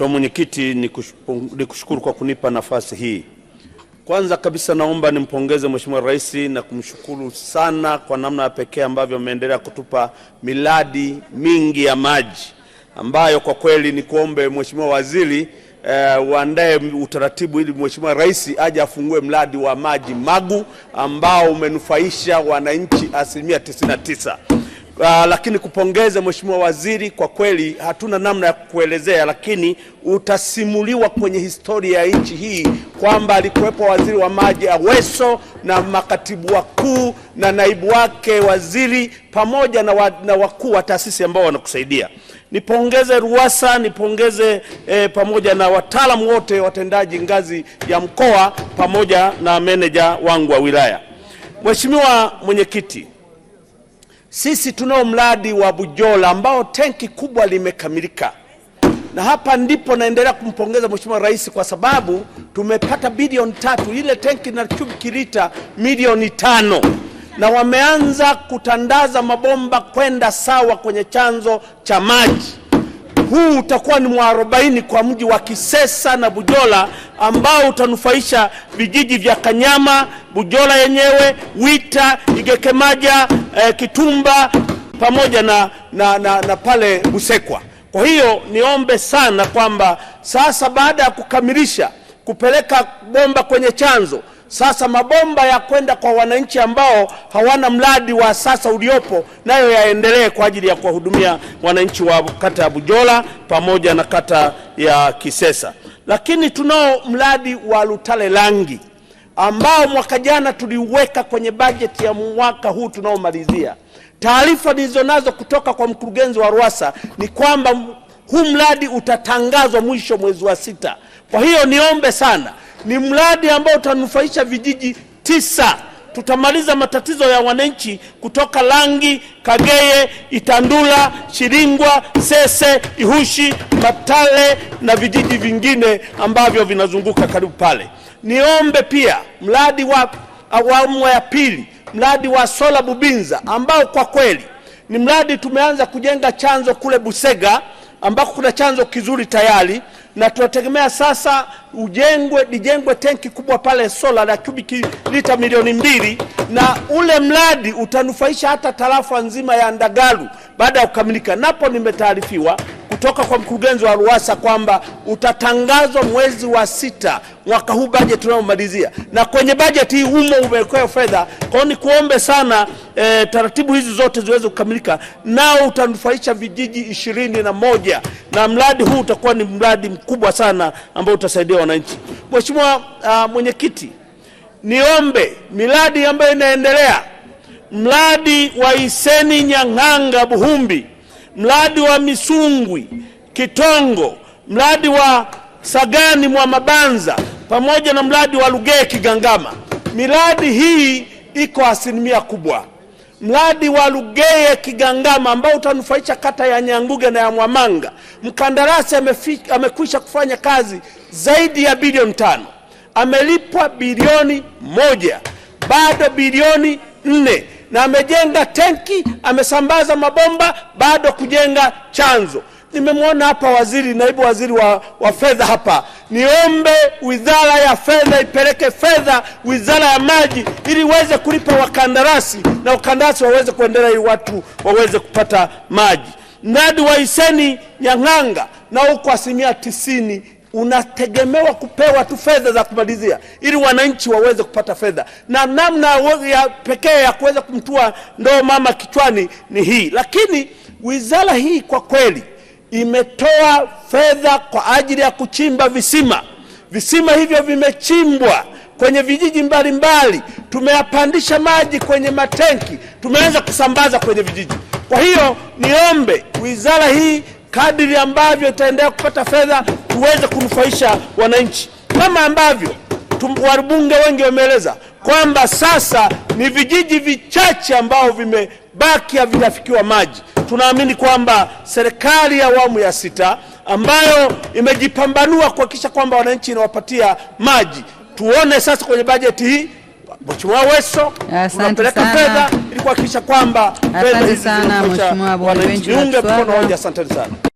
Mheshimiwa Mwenyekiti, ni kushukuru kwa kunipa nafasi hii. Kwanza kabisa naomba nimpongeze Mheshimiwa Rais na kumshukuru sana kwa namna ya pekee ambavyo ameendelea kutupa miradi mingi ya maji ambayo kwa kweli ni kuombe Mheshimiwa Waziri eh, uandae utaratibu ili Mheshimiwa Rais aje afungue mradi wa maji Magu ambao umenufaisha wananchi asilimia 99. Uh, lakini kupongeze Mheshimiwa Waziri, kwa kweli hatuna namna ya kuelezea lakini utasimuliwa kwenye historia ya nchi hii kwamba alikuwepo waziri wa maji Aweso na makatibu wakuu na naibu wake waziri pamoja na, wa, na wakuu wa taasisi ambao wanakusaidia. Nipongeze RUWASA, nipongeze eh, pamoja na wataalamu wote watendaji ngazi ya mkoa pamoja na meneja wangu wa wilaya. Mheshimiwa Mwenyekiti, sisi tunao mradi wa Bujola ambao tenki kubwa limekamilika, na hapa ndipo naendelea kumpongeza Mheshimiwa Rais kwa sababu tumepata bilioni tatu, ile tenki na cubic lita milioni tano, na wameanza kutandaza mabomba kwenda sawa kwenye chanzo cha maji huu utakuwa ni mwarobaini kwa mji wa Kisesa na Bujola ambao utanufaisha vijiji vya Kanyama, Bujola yenyewe, Wita, Igekemaja, eh, Kitumba pamoja na, na, na, na pale Busekwa. Kwa hiyo niombe sana kwamba sasa baada ya kukamilisha kupeleka bomba kwenye chanzo sasa mabomba ya kwenda kwa wananchi ambao hawana mradi wa sasa uliopo, nayo yaendelee kwa ajili ya kuwahudumia wananchi wa kata ya Bujola pamoja na kata ya Kisesa. Lakini tunao mradi wa Lutale Langi ambao mwaka jana tuliuweka kwenye bajeti ya mwaka huu tunaomalizia. Taarifa nazo kutoka kwa mkurugenzi wa RUWASA ni kwamba huu mradi utatangazwa mwisho mwezi wa sita. Kwa hiyo niombe sana ni mradi ambao utanufaisha vijiji tisa. Tutamaliza matatizo ya wananchi kutoka Langi, Kageye, Itandula, Shiringwa, Sese, Ihushi, Matale na vijiji vingine ambavyo vinazunguka karibu pale. Niombe pia mradi wa awamu ya pili, mradi wa sola Bubinza ambao kwa kweli ni mradi tumeanza kujenga chanzo kule Busega ambako kuna chanzo kizuri tayari, na tunategemea sasa ujengwe lijengwe tenki kubwa pale sola la kubiki lita milioni mbili, na ule mradi utanufaisha hata tarafa nzima ya Ndagalu baada ya kukamilika. Napo nimetaarifiwa kutoka kwa mkurugenzi wa RUWASA kwamba utatangazwa mwezi wa sita mwaka huu bajeti unayomalizia, na kwenye bajeti hii humo umewekewa fedha. Kwa Ni nikuombe sana e, taratibu hizi zote ziweze kukamilika, nao utanufaisha vijiji ishirini na moja na mradi huu utakuwa ni mradi mkubwa sana ambao utasaidia wananchi. Mheshimiwa ah, Mwenyekiti, niombe miradi ambayo inaendelea, mradi wa Iseni nyang'anga Buhumbi mradi wa Misungwi Kitongo, mradi wa Sagani mwa Mabanza pamoja na mradi wa Lugeye Kigangama. Miradi hii iko asilimia kubwa. Mradi wa Lugeye Kigangama ambao utanufaisha kata ya Nyanguge na ya Mwamanga, mkandarasi amekwisha kufanya kazi zaidi ya bilioni tano, amelipwa bilioni moja, bado bilioni nne na amejenga tenki, amesambaza mabomba, bado kujenga chanzo. Nimemwona hapa waziri, naibu waziri wa, wa fedha hapa. Niombe wizara ya fedha ipeleke fedha wizara ya maji ili iweze kulipa wakandarasi na wakandarasi waweze kuendelea, ili watu waweze kupata maji. Mradi wa Iseni nyang'anga na uko asilimia tisini unategemewa kupewa tu fedha za kumalizia ili wananchi waweze kupata fedha, na namna ya pekee ya kuweza kumtua ndoo mama kichwani ni hii. Lakini wizara hii kwa kweli imetoa fedha kwa ajili ya kuchimba visima. Visima hivyo vimechimbwa kwenye vijiji mbalimbali, tumeyapandisha maji kwenye matenki, tumeanza kusambaza kwenye vijiji. Kwa hiyo niombe wizara hii kadiri ambavyo itaendelea kupata fedha tuweze kunufaisha wananchi, kama ambavyo wabunge wengi wameeleza kwamba sasa ni vijiji vichache ambao vimebaki havijafikiwa maji. Tunaamini kwamba serikali ya awamu ya sita ambayo imejipambanua kuhakikisha kwamba wananchi inawapatia maji, tuone sasa kwenye bajeti hii Mheshimiwa Weso unapeleka fedha ili kuhakikisha kwamba fedha hizi zinafikia wananchi. Niunge mkono hoja. asanteni sana.